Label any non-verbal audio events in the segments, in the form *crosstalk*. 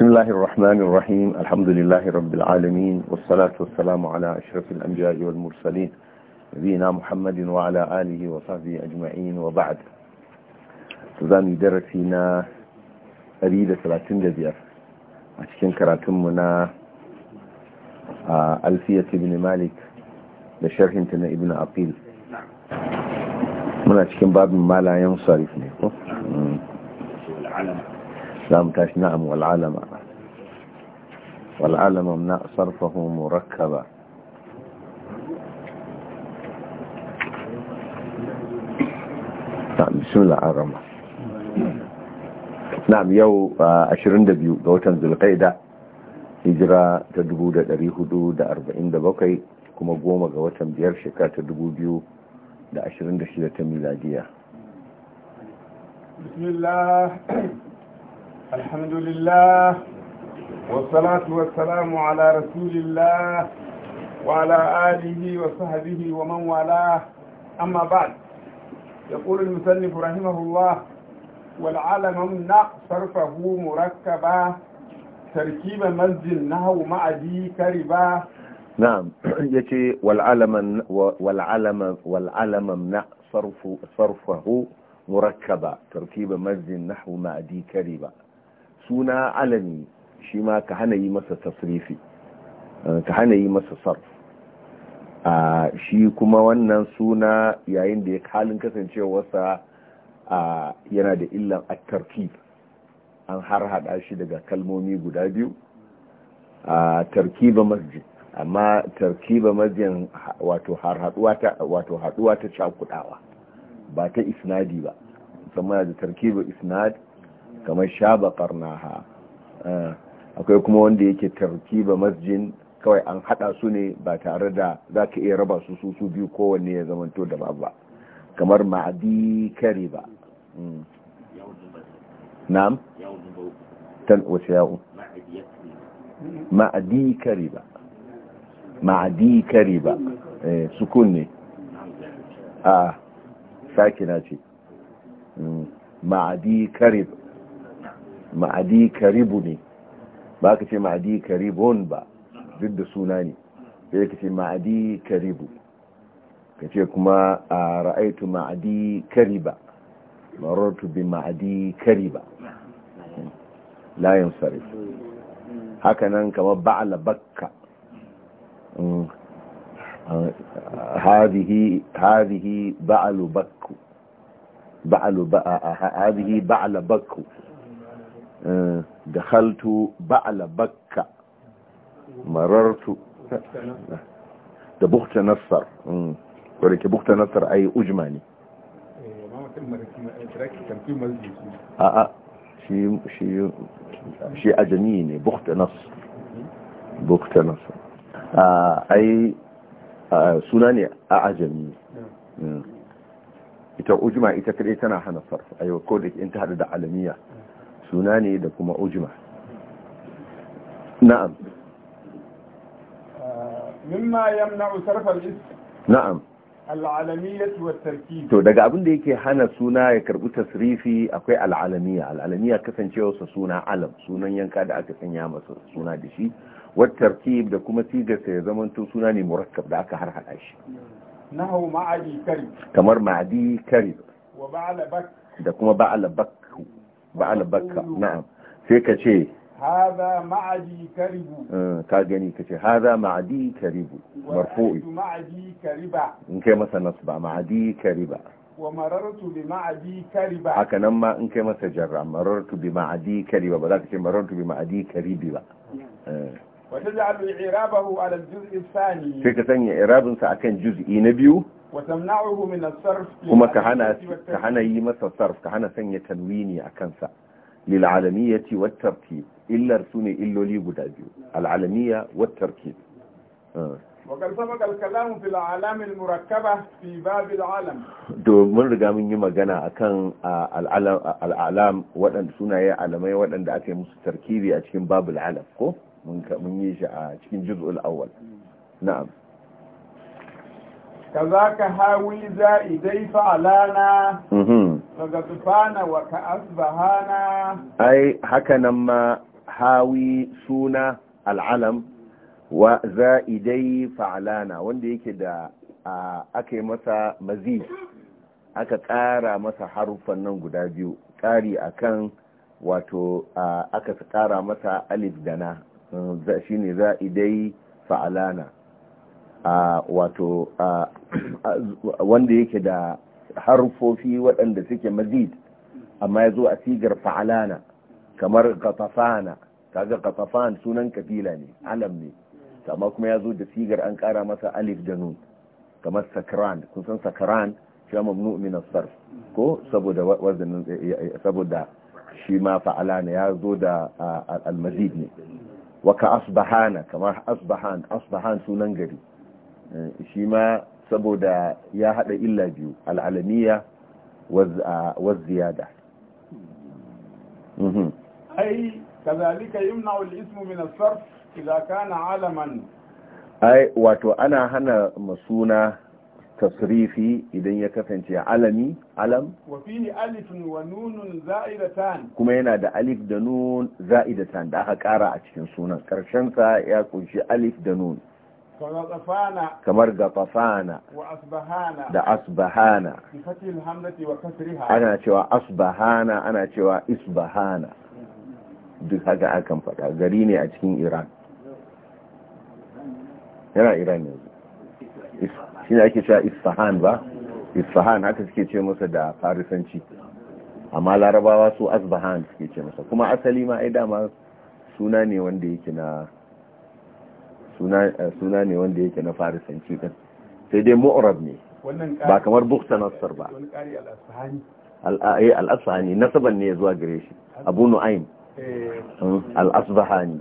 بسم الله الرحمن الرحيم الحمد لله رب العالمين والصلاة والسلام على أشرف الأنبياء والمرسلين نبينا محمد وعلى آله وصحبه أجمعين وبعد تزامي درسينا أريد ثلاثين دبير أشكين كراتمنا آه، ألفية ابن مالك لشرح انتنا ابن أقيل من أشكين باب ما لا ينصرف نعم والعلم نعم والعالم والعلم امنع صرفه مركبا بسم الله الرحمن na'am yau 22 ga watan zulqaida hijira ta 1447 kuma goma ga watan biyar shekara ta 2026 ta miladiya alhamdulillah والصلاة والسلام على رسول الله وعلى آله وصحبه ومن والاه أما بعد يقول المسلم رحمه الله والعالم من صرفه مركبا تركيب مسجد نهو مع ذي كربا نعم *clears throat* يتي والعلم والعلم والعلم منع صرف صرفه مركبا تركيب مسجد نحو مع دي كربا سونا علمي shi ma ka hana yi masa tasrifi eh, ka hana yi masa sarf a shi kuma wannan suna yayin da ya halin kasancewarsa a yana da illan at-tarkib an har hada shi daga kalmomi guda biyu a tarkiba masjid amma tarkiba masjid wato har haduwa ta wato cakudawa ba ta isnadi ba musamman da tarkiba isnad kamar shaba qarnaha eh. akwai kuma wanda yake tarkiba masjin kawai an hada su ne ba tare da za ka iya raba su su biyu kowanne ya zamanto da ba kamar ma'adi kare ba hmm. na'am tan wace yawon? ma'adi kare ba ma'adi kare ba eh, sukun ne a na ce hmm. ma'adi kare ma'adi karibu ne ba ka ce ma'adi karibon ba duk da suna ne sai ka ce ma'adi karibu ka ce kuma a ra'aitu ma'adi kariba marotu bi ma'adi kariba layin sarif hakanan kama ba'ala bakka mm. ba'alu bakku ba'alu ba'a هذه ba'ala bakku da haltu ba'ala bakka marartu da bukta nassar wadda ke bukta nassar a yi ujima ne a'a shi a jami'i ne bukta nassar bukta nassar a yi suna ne a ajami ita ujima ita kadai tana hana sarfa a yau ko da in ta hada da alamiya suna ne da kuma ujima na'am uh, mimma yamna'u sarfa ism na'am to daga abin da yake hana suna ya karbi tasrifi akwai al'alamiya al'alamiya kasancewa su suna alam sunan yanka da aka sanya masa suna da shi wat tartib da kuma sigarta ya zamanto suna ne murakkab da aka har hada shi nahu ma'adi kari kamar ma'adi kari wa ba'ala bak da kuma ba'ala bak ba albakka na'am sai ka ce haza ma'adi karibu eh, ka gani ka ce haza ma'adi karibu marfu'i ma'adi kariba in kai masa nasba ma'adi kariba wa marartu bi ma'adi kariba haka nan ma in kai masa jarra marartu bi ma'adi kariba ba za ka ce marartu bi ma'adi karibi ba eh. wata ja'alu i'rabahu ala al-juz'i ath-thani sai ka sanya i'rabinsa akan juz'i na biyu kuma ka hana yi masa sarf ka hana sanya tanwini a kansa lil'alamiyyati wat tarkib illar su ne illoli guda biyu al'alamiya wat tarkib domin riga mun yi magana a kan al'alam waɗanda sunaye alamai waɗanda aka yi musu tarkibi a cikin babu alam ko mun yi shi a cikin juz'ul awwal na'am ka za ka hawi za idai fa’alana mhm. ka tufana wa ka asbahana ai haka nan ma hawi suna al’alam wa za idai fa’alana wanda yake da aka yi masa mazi aka ƙara masa harufan nan guda biyu tsari akan wato aka tsara masa alif dana shine za idai fa’alana wato wanda yake da harfofi waɗanda suke mazid amma ya zo a sigar fa'alana kamar katafana kaga katafan sunan kabila ne alam ne amma kuma ya zo da sigar an kara masa alif da nun kamar sakran kun san sakran shi ya mamnu min sarf ko saboda wazanin eh, eh, eh, shi ma fa'alana ya zo da almazid ne Waka ka asbahana kamar asbahan asbahan sunan gari Eh, shi ma saboda ya hada illa biyu al'alamiya wa ziyada mhm. ai kazalika yumna al-ismu min as-sarf idza kana alaman ai wato ana hana masuna tasrifi idan ya kasance alami alam wa fihi alif wa nunun za'idatan kuma yana da alif da nun za'idatan da aka kara a cikin sunan karshen sa ya kunshi alif da nun kamar gafafana da asbahana ana cewa asbahana ana cewa isbahana duk haka akan faɗa gari ne a cikin iran yana iran yanzu shi ne ake cewa isfahan ba isfahan haka suke ce musa da farisanci amma larabawa su asbahan suke ce musa kuma asali ma ai dama suna ne wanda yake na Eh, suna ne wanda yake na farisanci din sai dai mu'rab ne ba kamar buksa nasar ba al-asbahani eh, nasaban ne zuwa gare shi abu nu'ayin eh. hmm. al-asbahani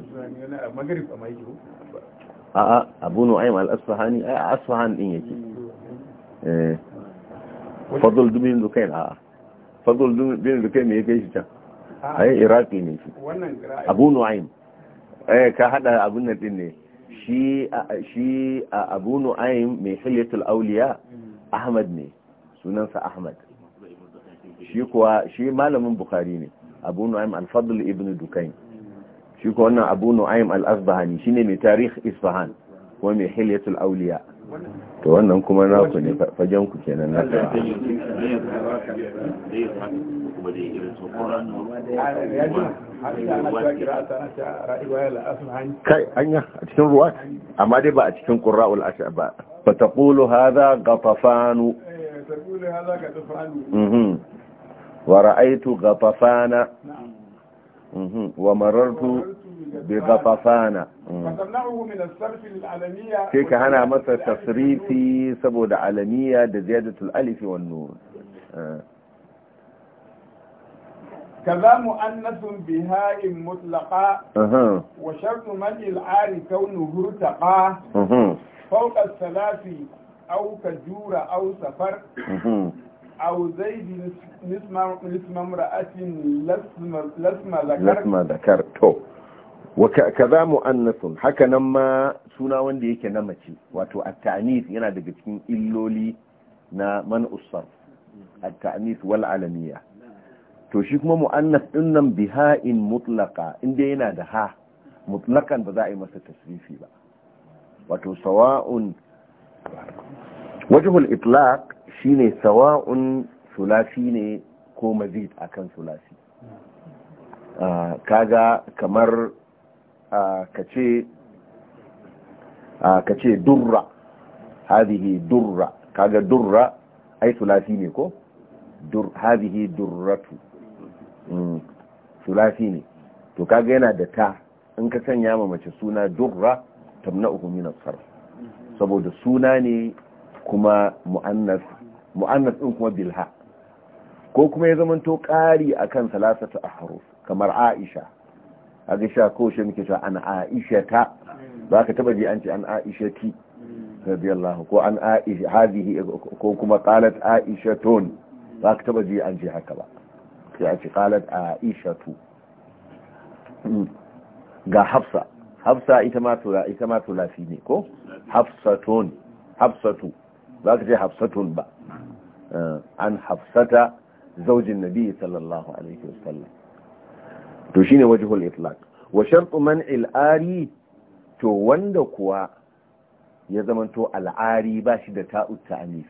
a'a abu nu'ayin al a asbahan din yake hmm. Fadul dubin dukain a'a fadul dubin dukain ne yake shi can yi iraki ne shi abu nu'ayin ka hada abun nan din ne shi a abu nu'ayin mai hilyatul auliya ahmad ne sunansa ahmad shi kuwa shi malamin bukari ne abu nu'ayin alfadul ibn dukain shi kuwa wannan abu nu'ayin Al-Asbahani shine mai tarih isfahan kuma mai hilyatul auliya to wannan kuma naku ne fagen ku kenan na ta kai anya a cikin ruwa amma dai ba a cikin qurra'ul ashab ba fa taqulu hadha ghatafanu eh, taqulu mhm. wa ra'aytu ghatafana mhm wa marartu بغطفانة فتمنعه من الصرف العالمية كيك هنا مثل تصريفي سبود عالمية لزيادة الألف والنور آه. كذا مؤنث بهاء مطلقة وشرط من العار كونه ارتقى فوق الثلاث أو كجور أو سفر أو زيد نسمى امرأة لسم ذكر لسم ذكر تو kaza mu'annasun haka nan ma suna wanda yake na mace wato at yana daga cikin illoli na man usar at wal alamiya to shi kuma mu'annas din nan biha'in mutlaqa inda yana da ha mutlaqan ba za a yi masa tasrifi ba wato sawa'un wajhul itlaq shine sawa'un sulasi ne ko mazid akan sulasi ah, kaga kamar ka ce durra hazihi durra kaga durra ai sulafi ne ko hazihi durratu mm, sulafi ne to kaga yana da ta in ka sanya ma mace suna durra na uku minan sarf saboda suna ne kuma mu'annas mu'annas din kuma bilha ko kuma ya to ƙari akan salasatu ahruf kamar Aisha a ga sha ko shi muke cewa an aisha ta ba ka taba ji an ce an aisha ti radiyallahu ko an aisha hadhihi ko kuma qalat aisha tun ba ka taba ji an ce haka ba sai a ce qalat aisha tu ga hafsa hafsa ita ma tura ita ma tulafi ne ko hafsatun hafsatu ba ka ce hafsatun ba an hafsata zaujin nabi sallallahu alaihi wasallam to shine wajhul itlaq wa shartu man'il ari to wanda kuwa ya zamanto al'ari ba shi da ta'ut ta'anis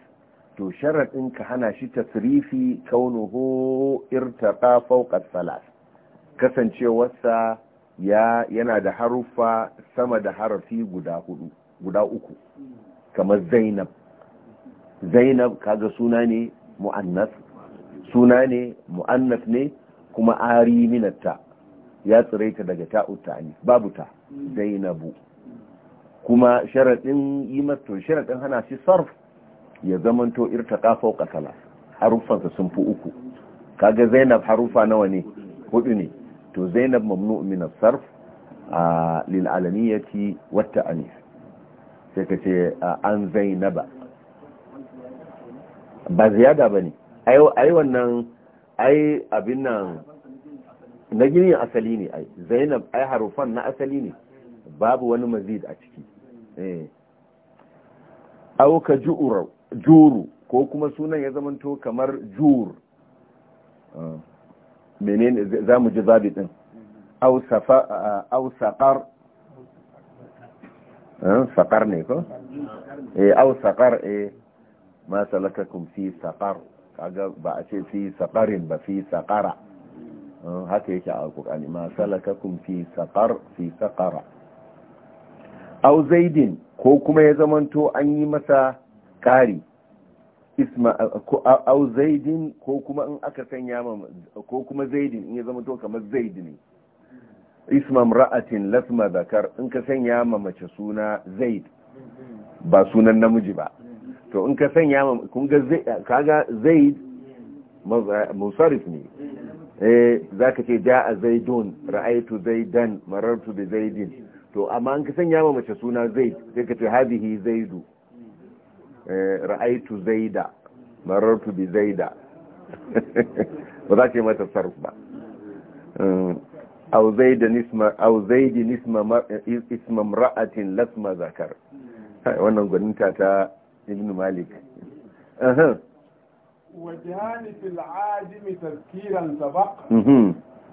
to sharaɗin ka hana shi tasrifi kaunuhu irtaqa fawqa salas kasancewarsa ya yana da harufa sama da harafi guda hudu guda uku kamar Zainab Zainab kaga suna ne muannas suna ne muannas ne kuma ari minatta ya tsiraita daga ta'ut ta'ani babu ta zainabu kuma sharaɗin yi mato sharaɗin hana shi sarf ya zamanto irtaqa fawqa salas harufansa sun fi uku kaga zainab harufa nawa ne hudu ne to zainab mamnu min as-sarf lil alamiyati wat ta'anis sai ka ce an zainaba ba ziyada bane ai ai wannan ai abin nan na ginin asali ne ai zainab ai harufan na asali ne babu wani mazid a ciki eh. auka juru ko kuma sunan ya zamanto kamar jur ah. menene za mu ji zabi din au saƙar ah, ah, saƙar ne ko? Eh, au saƙar e eh. masu lakakun fi saƙar kaga ba a ce fi saƙarin ba fi saƙara haka yake a alkur'ani ma salakakum fi saqar fi saqara aw zaidin ko kuma ya zamanto an yi masa kari isma aw zaidin ko kuma in aka sanya ma ko kuma zaidin in ya zamanto kamar zaidin isma imra'atin lasma zakar in ka sanya ma mace suna zaid ba sunan namiji ba to in ka sanya ma kun ga kaga zaid musarif ne eh zaka ce a zaidun ra'aitu zaidan marartu da zaidin to amma an ka sanya ma mace suna zaid sai ka ce hadihi zaidu eh, ra'aitu zaida marartu da zaida *laughs* ba za ce mata sarf ba eh, a zaidin isma ra'atin lasma zakar wannan gwaninta ta ibn malik وجهان في العادم تذكيرا سبق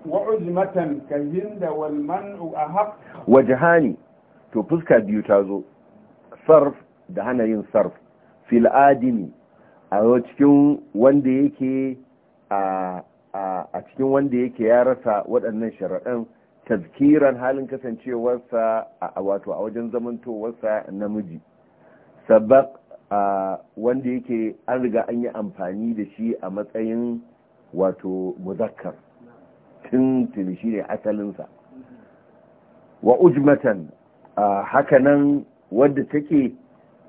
وعزمة كالهند والمنع أهق وجهان تو فسكا بيو صرف دهانا hana yin sarf fil adimi a cikin wanda yake a cikin wanda yake ya rasa waɗannan shari'an tazkiran halin kasancewarsa a wato a wajen zamantowarsa namiji sabak wanda yake an riga an yi amfani da shi a matsayin wato muzakkar tun tuni shi ne asalinsa wa ujmatan hakanan wadda take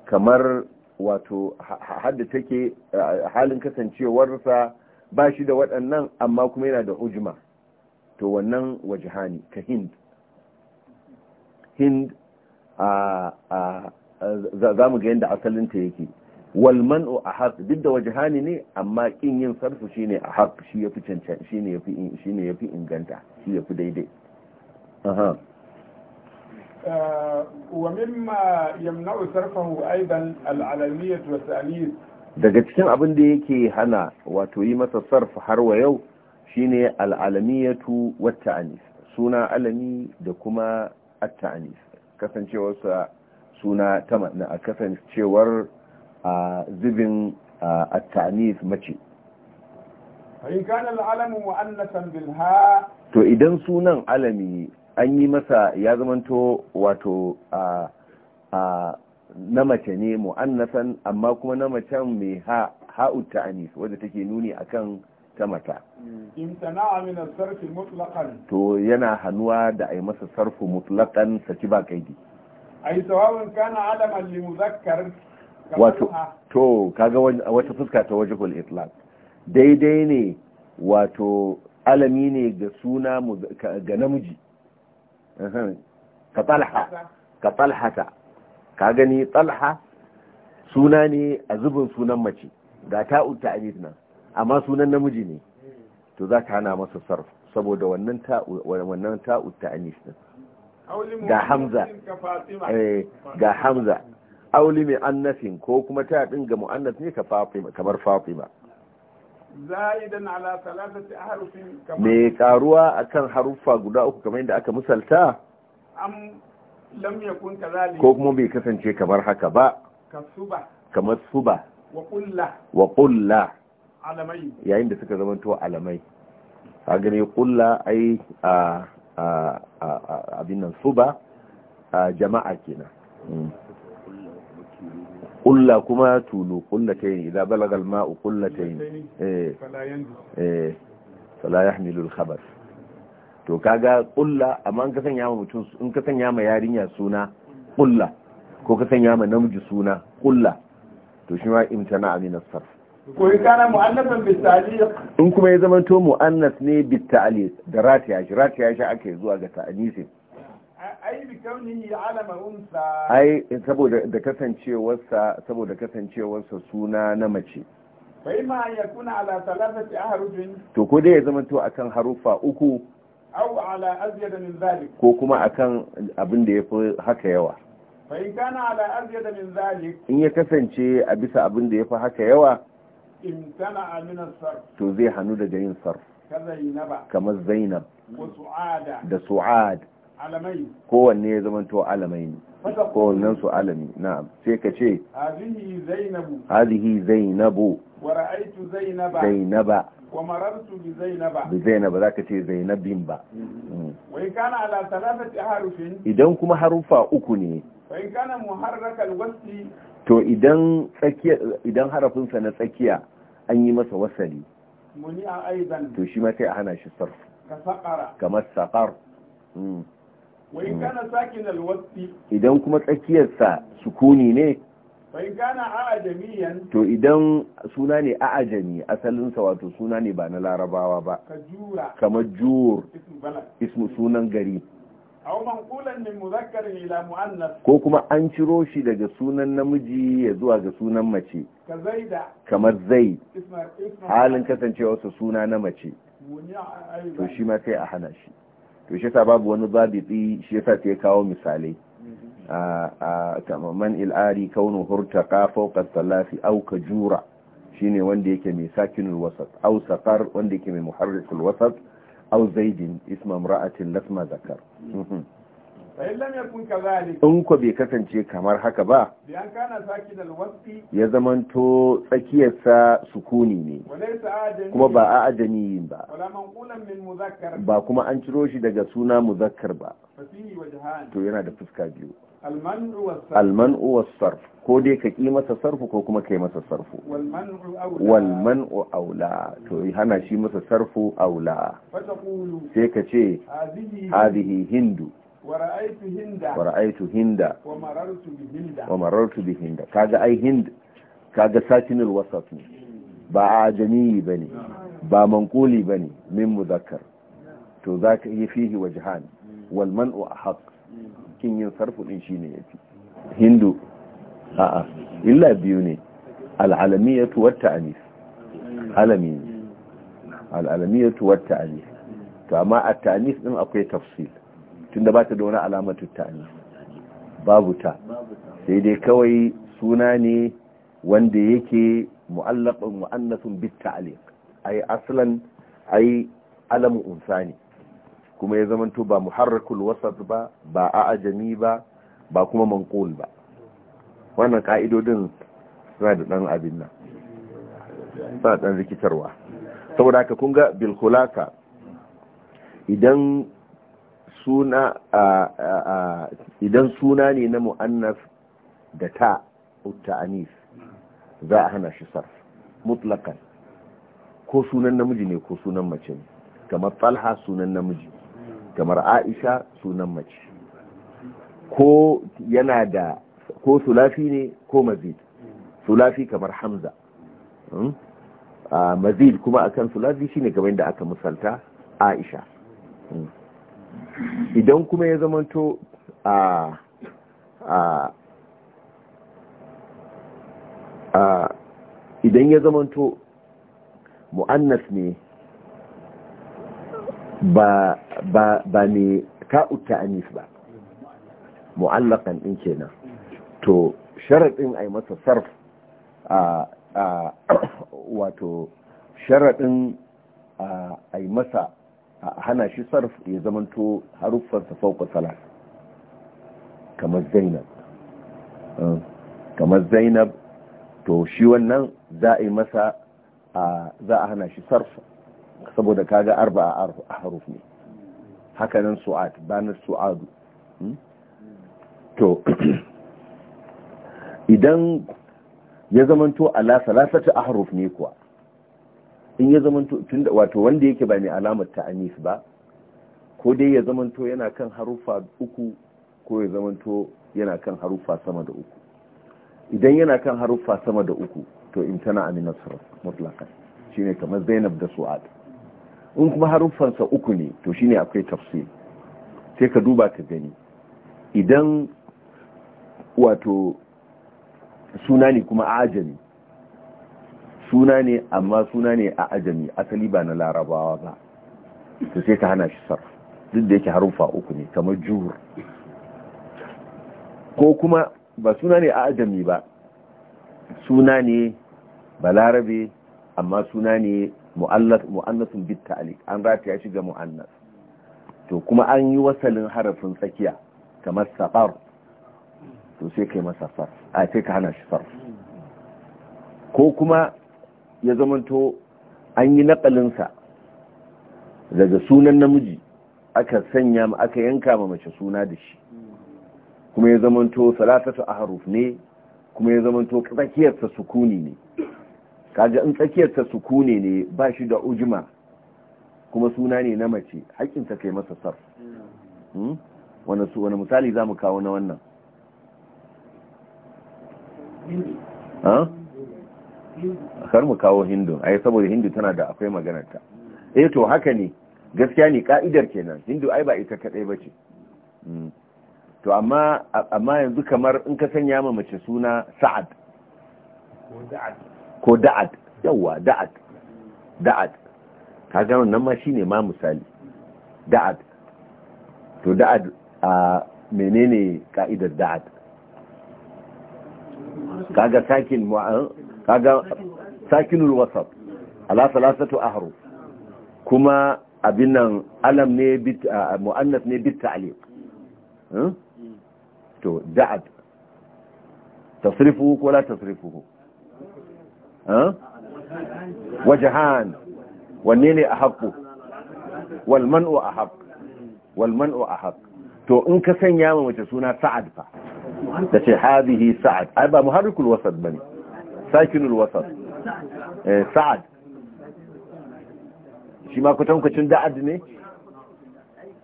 kamar wato hadda take halin kasancewarsa ba shi da waɗannan amma kuma yana da ujma to wannan wajihani ka hind hind za mu ga yadda asalinta yake o a haƙ duk da waje ne amma kin yin sarfu shi ne a haƙ shi ya fi cancan shi ne ya fi inganta shi ya fi daidai uh, Wa Yamna'u يمنع صرفه أيضا wasu والتأنيث daga cikin abin da yake hana wato yi masa sarf har wa yau shine al'alamiyatu wata anis suna alami da kuma at-ta'anis kasancewarsa suna ta na a kasancewar a zubin a tanis mace to idan sunan alami an yi masa ya zamanto wato a na mace ne mu'annasan amma kuma na macen mai ha ha'u ta'anis wadda take nuni akan ta mata mm. to yana hannuwa da a yi masa sarfu mutlaqan saki ba kaidi ai sawabin kana adaman li muzakkar wato to kaga wata fuska ta wajhul itlaq daidai ne wato alami ne ga suna ga namiji ka talha ka talhata ka gani talha suna ne a zubin sunan mace ga ta'ud ta'anid nan amma sunan namiji ne to za ka hana masa sarf saboda wannan ta'ud ta'anid nan ga hamza eh, ga hamza auli mai annafin ko kuma ta din ga mu'annas ne ka kamar fatima zaidan ala salatati harufin kamar me karuwa akan haruffa guda uku kamar yadda aka misalta am lam yakun kadhalik ko kuma bai kasance kamar haka ba kasuba kamar suba wa qulla wa qulla alamai yayin da suka zamanto alamai ka gane qulla ai a abin nan suba jama'a kenan kulla mm. kuma tulu ta yin idan balagal mau kulla ta yin salayen eh, eh, milul khabar to kaga kulla amma in ka sanya ma mutum in ka sanya ma yarinya suna kulla ko ka sanya ma namiji suna kulla to shi ma imtana min as ko in kana mu'annafin in kuma ya zama to mu'annas ne bitta'alis da Ratiya. ya shi rati ya shi aka yi zuwa ga ta'anisi ai ya alama unsa ai saboda da saboda kasancewar suna na mace bai ma ya kuna ala talafati ahrujin to ko dai ya zama a kan harufa uku au ala azyada min zalik ko kuma a kan abin da ya fi haka yawa bai kana ala da min zalik in ya kasance a bisa abin da ya fi haka yawa imtana min to zai hannu daga yin sarf kamar zainab da su'ad kowanne ya zama to alamai ne kowannen su alami na'am sai ka ce hazihi zainabu zainaba zainaba wa bi zainaba bi zainaba zaka ce zainabin ba mm-hmm. wa in kana ala thalathati harufin idan kuma harufa uku ne wa in kana to idan tsakiya idan harafinsa na tsakiya an yi masa wasali to shi ma sai a hana shi sarf kamar saƙar hmm. hmm. idan kuma tsakiyarsa sukuni ne to idan suna ne a'ajami asalinsa wato suna ne ba na larabawa ba kamar jur ismu sunan gari ko kuma an ciro shi daga sunan namiji ya zuwa ga sunan mace kamar zai halin kasancewarsa suna na mace to shi ma sai a hana shi to shi sa babu wani tsi shi ya sai kawo misalai mhm. a man il'ari kaunu hurtaka fawqa salafi aw kajura shine wanda yake mai sakinul wasat au saqar wanda yake mai muharrisul wasat أو زيد اسم امرأة لسما ذكر in ku bai kasance kamar haka ba ya zamanto tsakiyarsa sukuni ne kuma ba a yin ba ba kuma an ciro shi daga suna muzakkar ba to yana da fuska biyu Alman uwar sarf ko dai ka ƙi masa sarfu ko kuma ka yi masa sarfu walman'u aula to hana shi masa sarfu aula sai ka ce hazihi hindu wara'aitu hinda wa marartu bi hinda kaga ai hind kaga satinul ne ba ajami bane ba manquli min muzakkar to zaka yi fihi wajhan wal man'u ahq kin yin sarfu din shine yafi hindu a'a illa biyu ne al'alamiyatu wat ta'anis alami to amma taanis akwai tafsil tunda ba ta da wani alamatu ta'ani babu ta sai dai kawai suna ne wanda yake mu'allaqun mu'annathun bit ta'liq ai aslan ai alam ne. kuma ya zamanto ba muharrakul wasat ba ba a'ajami ba ba kuma manqul ba wannan ka'idodin suna da dan abin nan suna dan rikitarwa saboda haka kun ga bil idan suna idan suna ne na mu'annas da ta utta anis za a hana shi sarf mutlaqan ko sunan namiji ne ko sunan mace ne kamar talha sunan namiji kamar aisha sunan mace ko yana da ko sulafi ne ko mazid sulafi kamar hamza hmm? mazid kuma akan sulafi shine kamar da aka misalta aisha hmm. idan kuma ya zamanto a a a idan ya zamanto mu'annas ne ba ba ba ne ta'utta anis ba mu'allakan din kenan to sharaɗin a yi masa sarf a *coughs* wato sharaɗin a yi masa a hana shi sarf ya zamanto haruffansa fauka salat kamar zainab eh, kamar zainab to shi wannan za a yi masa za a hana shi sarf saboda kaga arba a haruf ne hakanan su'ad banar su'adu hmm? to *clears throat* idan ya zamanto ala salasata ahruf ne kuwa in ya zama tunda wato wanda yake ba mai alamar anis ba ko dai ya to yana kan harufa uku ko ya to yana kan harufa sama da uku idan yana kan harufa sama da uku to imtana aminas mutlaqan shine kamar Zainab da Su'ad in kuma haruffansa uku ne to shine akwai tafsir sai ka duba ka gani idan wato suna ne kuma ajami suna ne amma suna ne a ajami asali ba na larabawa ba to sai ka hana shi sarf duk da yake harufa uku ne kamar juhur ko kuma ba suna ne a ajami ba suna ne ba larabe amma suna ne mu'annasun bit ta'alik an rataya shi ga mu'annas to kuma an yi wasalin harafin tsakiya kamar safar to sai kai masa sarf a sai ka hana shi sarf ko kuma ya zamanto an yi nakalinsa daga sunan namiji aka sanya aka yanka ma mace suna da shi kuma ya zamanto salatatu a ne kuma ya zamanto tsakiyarsa sukuni ne kaga in tsakiyarsa sukuni ne ba shi da ujima kuma suna ne na mace haƙƙinta kai masa sar hmm? wani misali za mu kawo na wannan kar mu kawo hindu ai saboda hindu tana da akwai maganarta eh to haka ne gaskiya ne ka'idar kenan hindu ai ba ita kadai bace mm. to amma amma yanzu kamar in ka sanya ma mace suna sa'ad ko da'ad yawa da'ad da'ad ka ga wannan ma shine ma misali da'ad to da'ad a menene ka'idar da'ad kaga sakin mu'an kaga sakinul wasat ala salasatu ahru kuma abin nan alam ne bit muannas ne bit ta'liq hmm? to da'at tasrifuhu ko la tasrifuhu hmm? wajahan wanne ne ahaqqu wal man'u ahaq wal man'u ahaq to in ka sanya mace suna sa'ad fa tace hadhihi sa'ad ai ba muharrikul wasat bane sakinul wasat eh, sa'ad shi ma kwatankwacin da'ad ne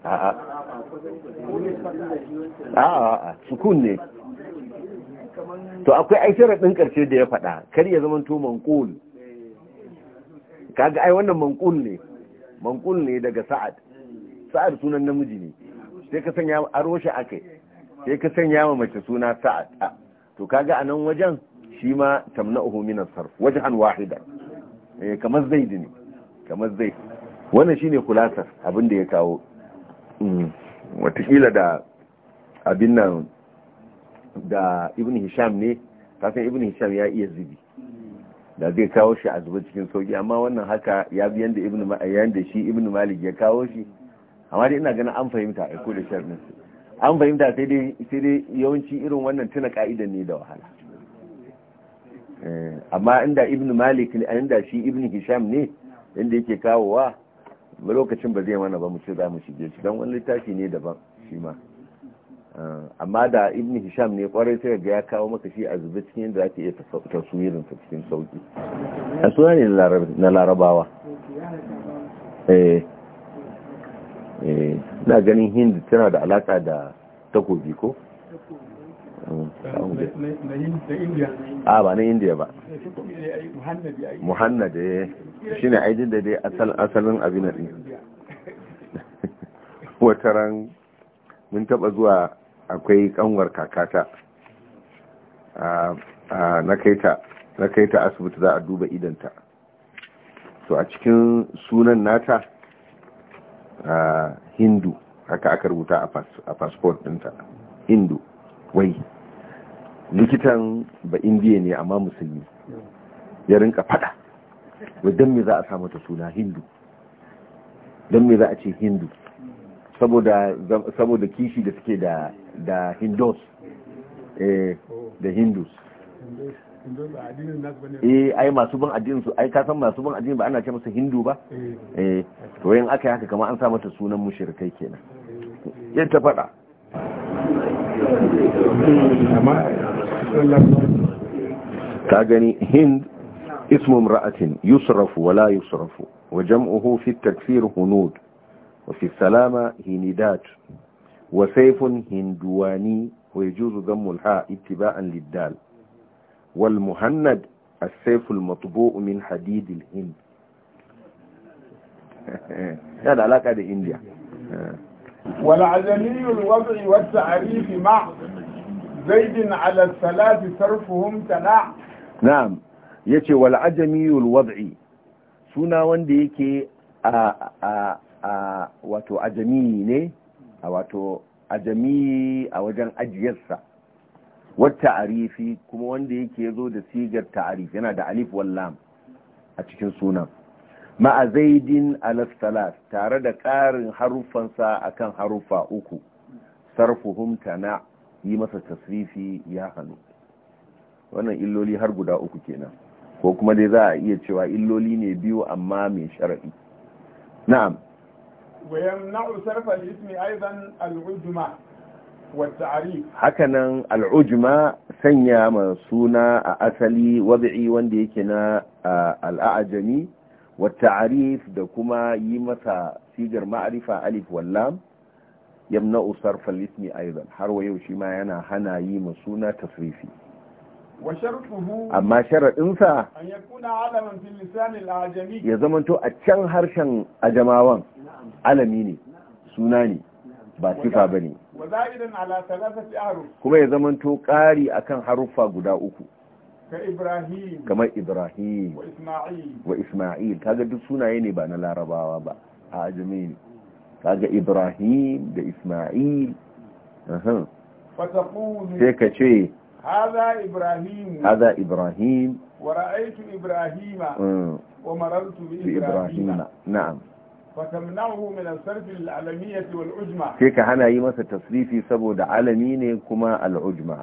a'a a'a sukun ne to akwai aishirar ɗin ƙarshe da ya faɗa kar ya zama to manƙul kaga ai wannan manƙul ne manƙul ne daga sa'ad sa'ad sunan namiji ne sai ka sanya aro shi akai sai ka sanya ma mace suna sa'ad to kaga a nan wajen shi ma tamna'uhu min as wajhan wahida eh kamar zaid ne kamar zaid wannan shine kulasar abin da ya kawo mm, watakila da abin nan da ibn hisham ne kasan ibn hisham ya iya zubi da zai kawo shi a zuba cikin sauki amma wannan haka ya bi yanda ibn shi ibn malik ya kawo shi amma dai ina ganin an fahimta a ko da an fahimta sai dai sai dai yawanci irin wannan tuna ka'idan ne da wahala Eh, amma inda ibn malik ne inda shi ibn hisham ne inda yake kawowa lokacin ba zai mana ba mu ce za mu shige shi don wani littafi ne daban shi ma eh, amma da ibn hisham ne kwarai sai ga ya kawo maka shi a zubi cikin da ake iya taswirin ta cikin sauki a suna ne na larabawa eh eh na ganin hindu tana da alaka da takobi ko a ah, ba na indiya ba eh, muhannad eh. shi shine aijin da dai asalin abin *laughs* Wata ran, mun taba zuwa akwai kanwar kakata ah, ah, na kaita ta asibiti za a duba idanta to a cikin sunan nata hindu haka aka rubuta a fasfot dinta hindu wai likitan ba indiya ne amma musulmi ya rinka fada wadda me za a sa mata suna hindu don me za a ce hindu saboda kishi da suke da hindus eh, da hindus eh ai masu bin addinin su ai kasan masu bin addinin ba ana ce masa hindu ba eh, eh to yin aka haka kamar an sa mata sunan mushrikai kenan yadda ta faɗa ka هند اسم امرأة يصرف ولا يصرف وجمعه في التكفير هنود وفي السلامة هندات وسيف هندواني ويجوز ضم الهاء اتباعا للدال والمهند السيف المطبوء من حديد الهند هذا علاقة بإنديا والعجمي الوضع والتعريف مع zaidin ala salati sarfuhum na'am yace wal ajamiyul wad'i suna wanda yake a a a wato ajami ne a wato wajen ajiyarsa wata arifi kuma wanda yake zo da sigar ta'arif yana da alif wallam a cikin sunan ma'a zaidin alastalas tare da ƙarin haruffansa akan haruffa uku sarfuhum na. yi masa tasrifi ya hannu wannan illoli har guda uku kenan ko kuma dai za a iya cewa illoli ne biyu amma mai sharaɗi na'am ويمنع صرف الاسم ايضا العجمة والتعريف hakanan al'ujma sanya ma suna a asali wad'i wanda yake na al'ajami wa ta'rif da kuma yi masa sigar ma'arifa alif wal lam yamna usar falismi aizan har wa yau shi ma yana hana yi ma suna tasrifi amma sharaɗinsa ya zamanto a can harshen ajamawan alami ne suna ne ba sifa ba ne kuma ya zamanto ƙari akan haruffa guda uku kamar ibrahim wa isma'il kaga duk sunaye ne ba na larabawa ba a ajami ne kaga ibrahim da isma'il sai ka ce haza ibrahim haza ibrahim wa ra'aytu ibrahima mm. wa marartu bi ibrahima na'am fatamnahu min al-sarf al-alamiyyah wal-ujma sai ka hana yi masa tasrifi saboda alami ne kuma al-ujma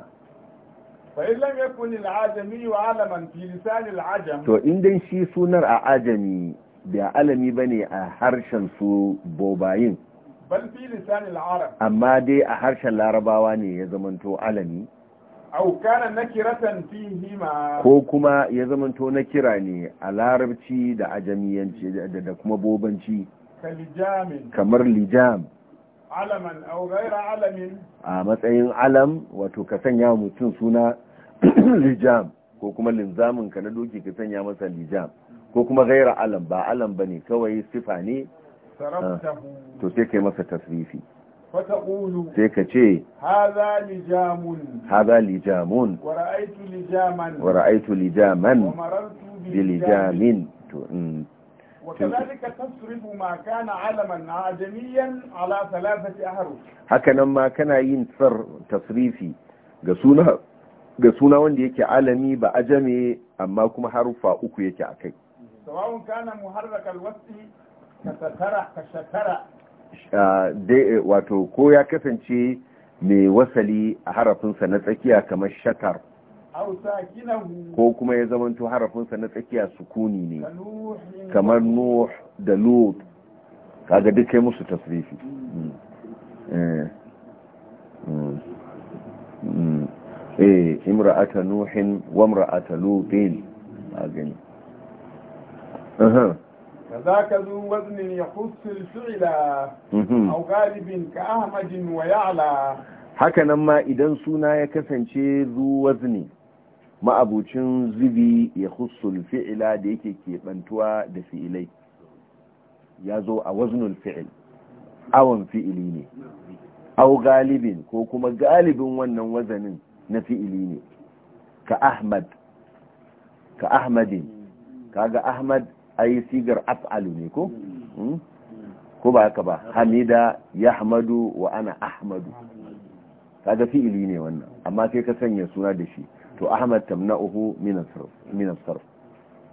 fa in lam yakun al-ajami wa alaman fi lisan al-ajam to in dai shi sunar a ajami Da alami ba ne a harshen su bobayin amma dai a harshen larabawa ne ya zamanto alami ko kuma ya zamanto na kira ne a larabci da ajamiyanci da kuma bobanci kamar lijam alaman alamin a matsayin alam wato ka sanya mutum suna *clears throat* lijam ko kuma linzamin ka na doki ka sanya masa lijam ko kuma gaira alam ba alam ba kawai sifa ne ah, to sai kai masa tasrifi sai ka ce haza lijamun wa ra'aitu lijaman bi lijamin to وكذلك تصرف ما كان علما عجميا على ثلاثة أحرف هكذا ما كان ينصر تصريفي قسونا قسونا وان ديك عالمي بأجمي أما كما حرفا أكو sawa'un kana muharrakal wasti ka satara ka shatara wato ko ya kasance mai wasali a harafinsa na tsakiya kamar shakar? ko kuma ya zamanto harafinsa na tsakiya sukuni ne kamar nuh da lut kaga duk kai musu tasrifi eh imra'ata nuhin wa imra'ata lutin a gani كذاك ذو وزن يخص الفعل أو غالب كأحمد ويعلى haka nan ma idan suna ya kasance zu wazni ma'abucin zubi ya hussul fi'ila da yake keɓantuwa da fi'ilai ya zo a waznul fi'il awon fi'ili ne au galibin ko kuma galibin wannan wazanin na fi'ili ne ka ahmad ka ahmadin kaga ahmad ai sigar af'alu ne ko hmm? ko ba haka ba hamida yahmadu wa ana ahmadu kaga fi'ili ne wannan amma sai ka sanya suna da shi to ahmad tamna'uhu min as-sarf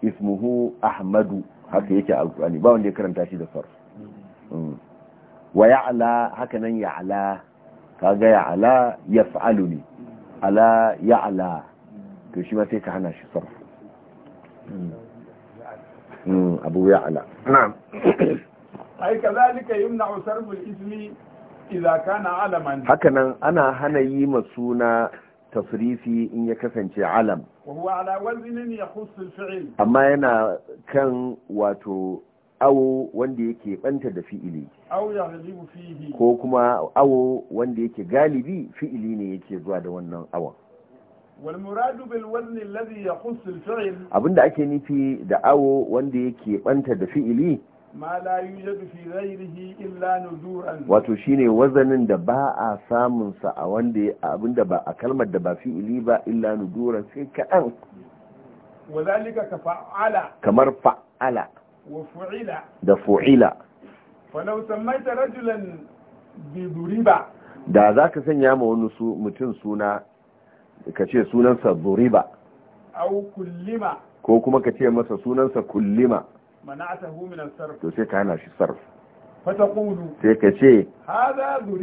ismuhu ahmadu haka yake alqur'ani ba wanda ya karanta shi da sarf hmm. wa ya'la haka nan ya'la kaga ya'la yaf'alu ne ala ya'la to shi ma sai ka hana shi sarf hmm. Mm, abu ya'la na'am *coughs* ai kazalika yumna'u sarful ismi idza kana alaman haka ana hana yi ma suna tasrifi in ya kasance alam wa ala waznin yakhussu al-fi'l amma yana kan wato awo wanda yake banta da fi'ili ko kuma awo wanda yake galibi fi'ili ne yake zuwa da wannan awon abinda ake nufi da awo wanda yake banta da fi'ili ma la yujadu fi ghairihi illa nuduran wato shine wazanin da ba a samun sa a wanda abinda ba a kalmar da ba fi'ili ba illa nuduran sai kadan wadhalika ka fa'ala kamar fa'ala wa da fu'ila falau da zaka sanya ma wani mutum suna ka ce sunansa zuriba ba ko kuma ka ce masa sunansa kullima to sai ka hana shi sarf sai ka ce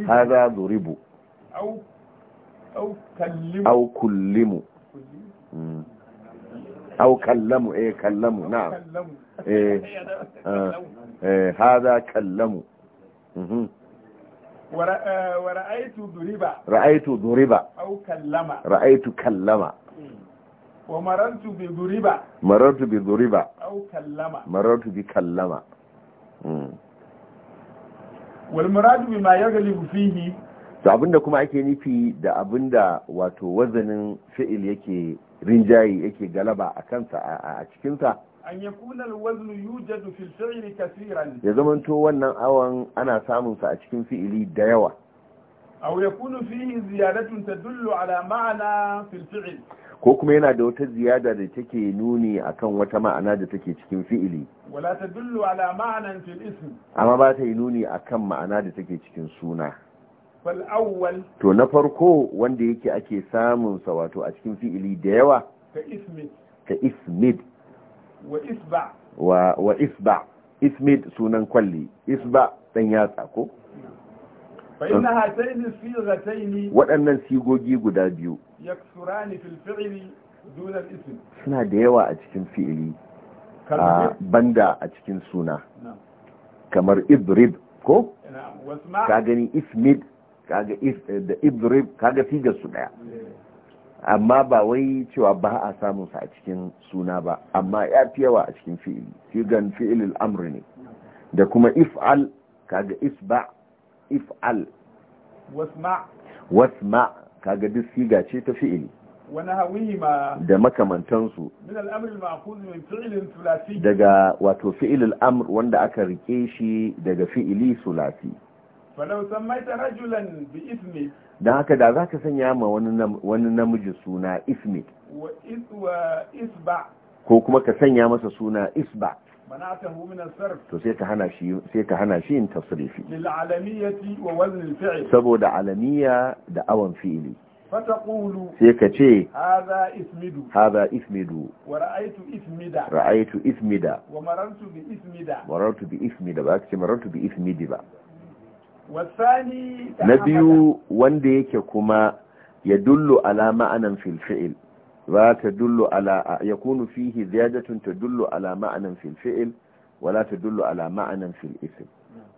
hadha zuribu au au kullimu mm. au kallamu eh kallamu na eh *laughs* ah, eh kallamu mhm. wa eh, ra'aitu duriba ra'aitu duriba au kallama ra'aitu kallama hmm. wa marantu bi duriba marantu bi duriba au kallama marantu bi kallama hmm. wal muradu bima yaghlibu fihi to abinda kuma ake nufi da abinda wato wazanin fi'il yake rinjayi yake galaba a kansa a cikinsa an ya kunar waznu yujadu fil fi'li kaseeran ya zamanto wannan awan ana samun sa a cikin fi'ili da yawa aw yakunu fihi ziyadatun tadullu ala ma'ana fil fi'l ko kuma yana da wata ziyada da take nuni akan wata ma'ana da take cikin fi'ili wala tadullu ala ma'anan fil ism amma ba ta yi nuni akan ma'ana da take cikin suna fal awwal to na farko wanda yake ake samun sa wato a cikin fi'ili da yawa ka ismid ka ismid wa isba ismid sunan kwalli isba dan yatsa ko waɗannan sigogi guda biyu suna da yawa a cikin fi'ili banda a cikin suna kamar ibrib ko ka gani ismid kaga da ibrib kaga figar su daya eh. amma ba wai cewa ba a samun sa a cikin suna ba amma ya fi yawa a cikin fi'ili figan fi'ilil amri ne da kuma if'al kaga isba if'al wasma wasma kaga duk siga ce ta fi'ili da makamantansu daga wato fi'ilil amr wanda aka rike shi daga fi'ili sulasi falau san ta rajulan bi ismi don haka da za ka sanya ma wani namiji suna ismi wa isba ko kuma ka sanya masa suna isba to sai ka hana shi sai ka hana shi yin tasrifi lil alamiyati wa wazn al fi'l saboda alamiya da awan fi'li fataqulu sai ka ce hadha ismidu hadha ismidu wa ra'aytu ismida ra'aytu ismida wa Marantu bi ismida Marantu bi ismida ba ka ce Marantu bi ismidi ba na biyu wanda yake kuma ya dullu ala ma'anan fil fi'il wa ta dullo ala kunu fihi ziyadatun dullo ala ma'anan fil fi'il wa la tadullu ala ma'anan fil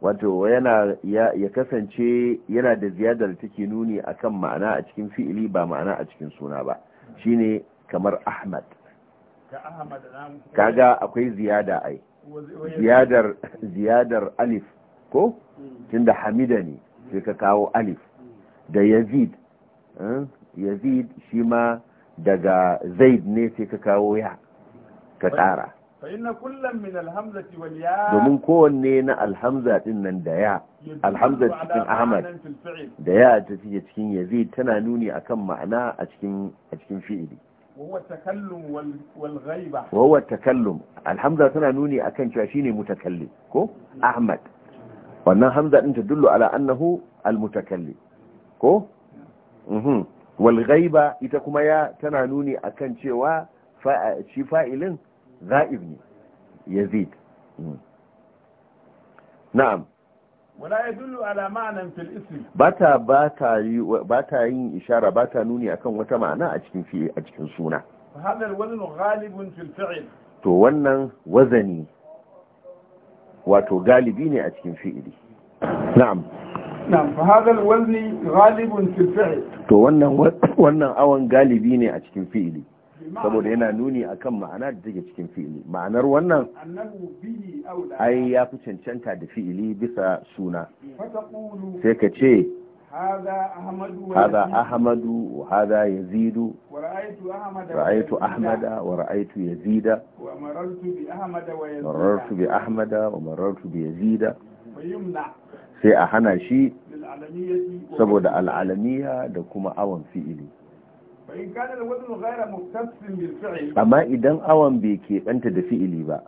wato yana ya kasance yana da ziyadar take nuni akan ma'ana a cikin fi'ili ba ma'ana a cikin suna ba shine kamar ahmad kaga akwai ziyada ai ziyadar ziyadar alif ko tunda hamida ne sai ka kawo alif da yazid eh? yazid shi ma daga zaid ne sai ka kawo ya ka ƙara domin kowanne na alhamza din nan da ya alhamza cikin ahmad da ya ta fiye cikin yazid tana nuni akan ma'ana a cikin fi'ili wawar takallum alhamza tana nuni akan cewa shine mutakallim ko hmm. ahmad wannan hamza ɗin din tadullu ala annahu almutakallim ko mhm wal ghaiba ita kuma ya tana nuni akan cewa shi fa'ilin za'ib ne yazid mhm. na'am wala yadullu ala ma'nan fil ism bata bata bata yin ishara bata nuni akan wata ma'ana a cikin fi a cikin suna hadal wazn ghalibun fil fi'l to wannan wazani wato galibi ne a cikin fi'ili na'am na'am fa alwazni ghalibun fi'l to wannan wannan awan galibi ne a cikin fi'ili saboda yana nuni akan ma'ana da take cikin fi'ili ma'anar wannan ai ya fi cancanta da fi'ili bisa suna sai ka ce هذا أحمد وهذا يزيد رأيت أحمد ورأيت يزيد مررت بأحمد ومررت بيزيد sai a hana shi saboda al'alamiya da kuma awon fi'ili amma idan awon bai keɓanta da fi'ili ba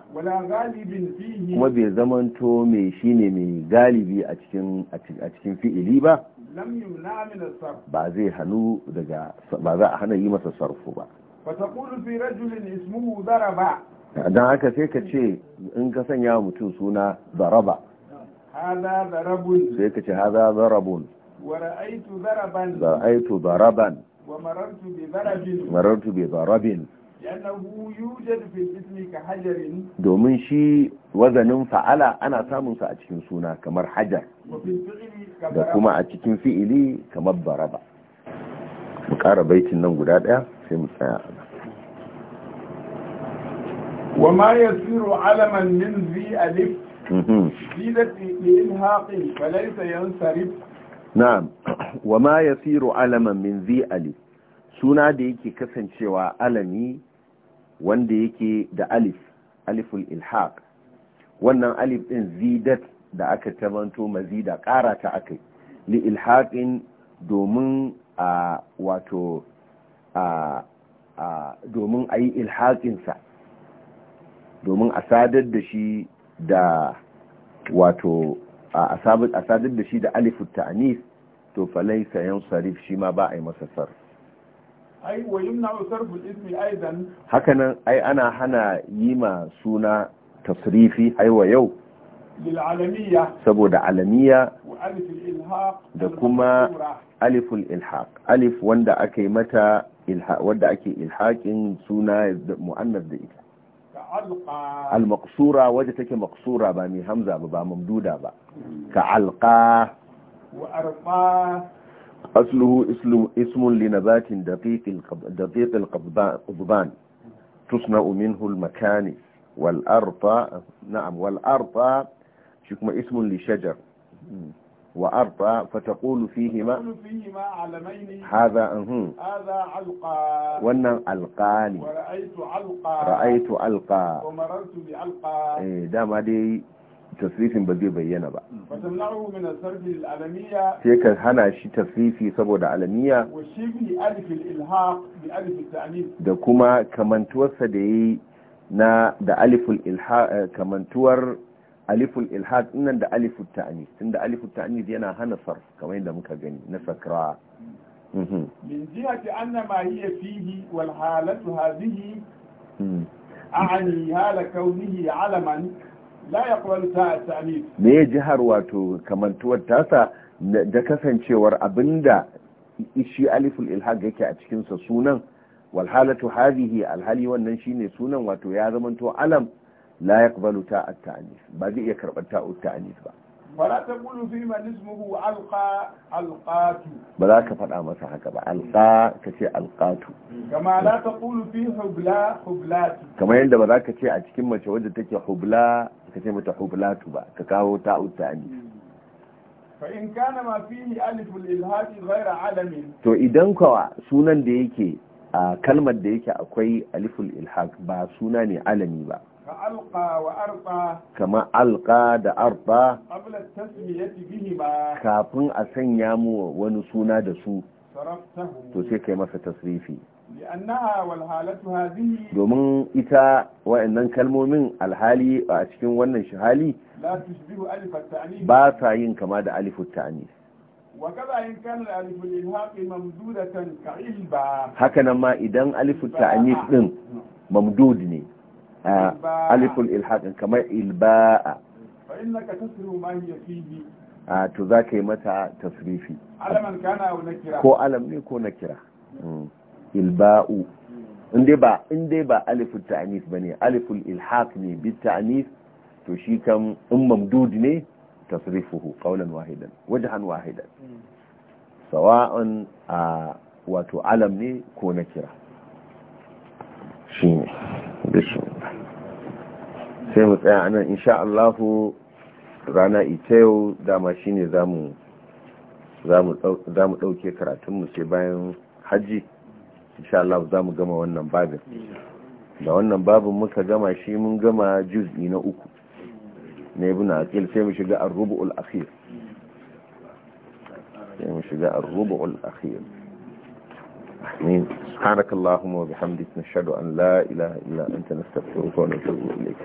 kuma bai zamanto mai shi ne mai galibi a cikin fi'ili ba ba zai hannu daga ba za a hana yi masa sarfu ba don haka sai ka ce in ka sanya mutum suna zaraba sai ka ce haza zarabun zara'aitu zaraban ومررت بضرب مررت بضرب لأنه يوجد في الاسم كحجر دومن شي وزن فعل أنا سامن سأتكين سونا كمر حجر وفي الفعل كما أتكين فئلي كمر ضرب مقارب بيت النوم قداد سيمسا وما يصير علما من ذي ألف زيدت لإلهاق فليس ينصرف na'am wa ma yasiru alaman min zi ali suna da yake kasancewa alami wanda yake da alif aliful ilhaq wannan alif din zidat da aka tabanto mazida ƙara ta akai li ilhaqin domin a wato a domin a yi sa domin a sadar da shi da wato a sadar da shi da alifu ta'anif to falai sayan sarif shi ma ba a yi masa sarf ai ai ana hana yi ma suna tasrifi ai yau saboda alamiya da kuma aliful ilhaq alif wanda ake mata wanda ake ilhaqin suna mu'annas da ita al-maqsura waje take maqsura ba mai hamza ba ba mamduda ba ka alqa wa arqa asluhu ismun li nabatin daqiq al-daqiq al-qabban tusna'u minhu al-makani wal arqa na'am wal arqa shi kuma ismun li shajar hmm. وأرطى فتقول فيهما هذا أنه هذا علقى وانا علقاني ورأيت علقى رأيت علقى ومررت بعلقى إيه ما دي تصريف بزي بينا بقى فتمنعه من الصرف العالمية تيك هنا شي تصريفي صبو دا عالمية وشيبه ألف الإلهاق بألف التعليم دا كما كمان توسى دي نا دا ألف الإلهاق كمان توسى aliful ilhad nan da aliful tun da aliful ta'ani yana hana sarf kamar yadda muka gani na sakra mhm. min jihati anna ma hiya fihi wal halatu hadhihi hmm. a'ani hala kaunihi alaman la yaqbalu ta'anis me jihar wato kamantuwar tasa da kasancewar abinda shi aliful ilhad yake a cikin sa sunan wal halatu hadhihi alhali wannan shine sunan wato ya zamanto alam la yaqbalu ta'at ta'anis ba zai iya karɓar ta'ut ta'anis ba wala taqulu fi ma ismuhu alqa alqatu ba za ka faɗa masa haka ba alqa kace alqatu kama la taqulu fi hubla hublatu kama yanda ba za ka ce a cikin mace wadda take hubla kace mata hublatu ba ka kawo ta'ut in فإن ma ما فيه ألف الإلهاج غير علم To idan كوا sunan da yake a kalmar da yake akwai aliful ilhaq ba suna ne alami ba kama alƙa da arfa kafin a sanya mu wani suna da su to sai kai masa tasrifi domin ita wa'annan kalmomin alhali a cikin wannan shahali ba sa yin kama da alifin haka nan ma idan alifin ta'ani ɗin mamdud ne aliful ilhaƙin kamar ilba'a a to za ka yi mata tasrifi ko alam ne ko na kira. ilba'u inda ba inda ba aliful ta'anis ba ne aliful ilhaq ne bi ta'anis to shi kan in mamdud ne tasrifuhu ƙaunan wahidan wajahan wahidan sawa'an a wato alam ne ko na kira. shine bishin sai mu tsaya anan insha Allahu rana ita yau dama shine zamu zamu zamu dauke karatun mu sai bayan haji insha Allah zamu gama wannan babin da wannan babin muka gama shi mun gama juz'i na uku ne ibn aqil sai mu shiga ar-rubu'ul akhir sai mu shiga ar-rubu'ul akhir amin subhanakallahumma wa bihamdika nashhadu an la ilaha illa anta nastaghfiruka wa natubu ilayk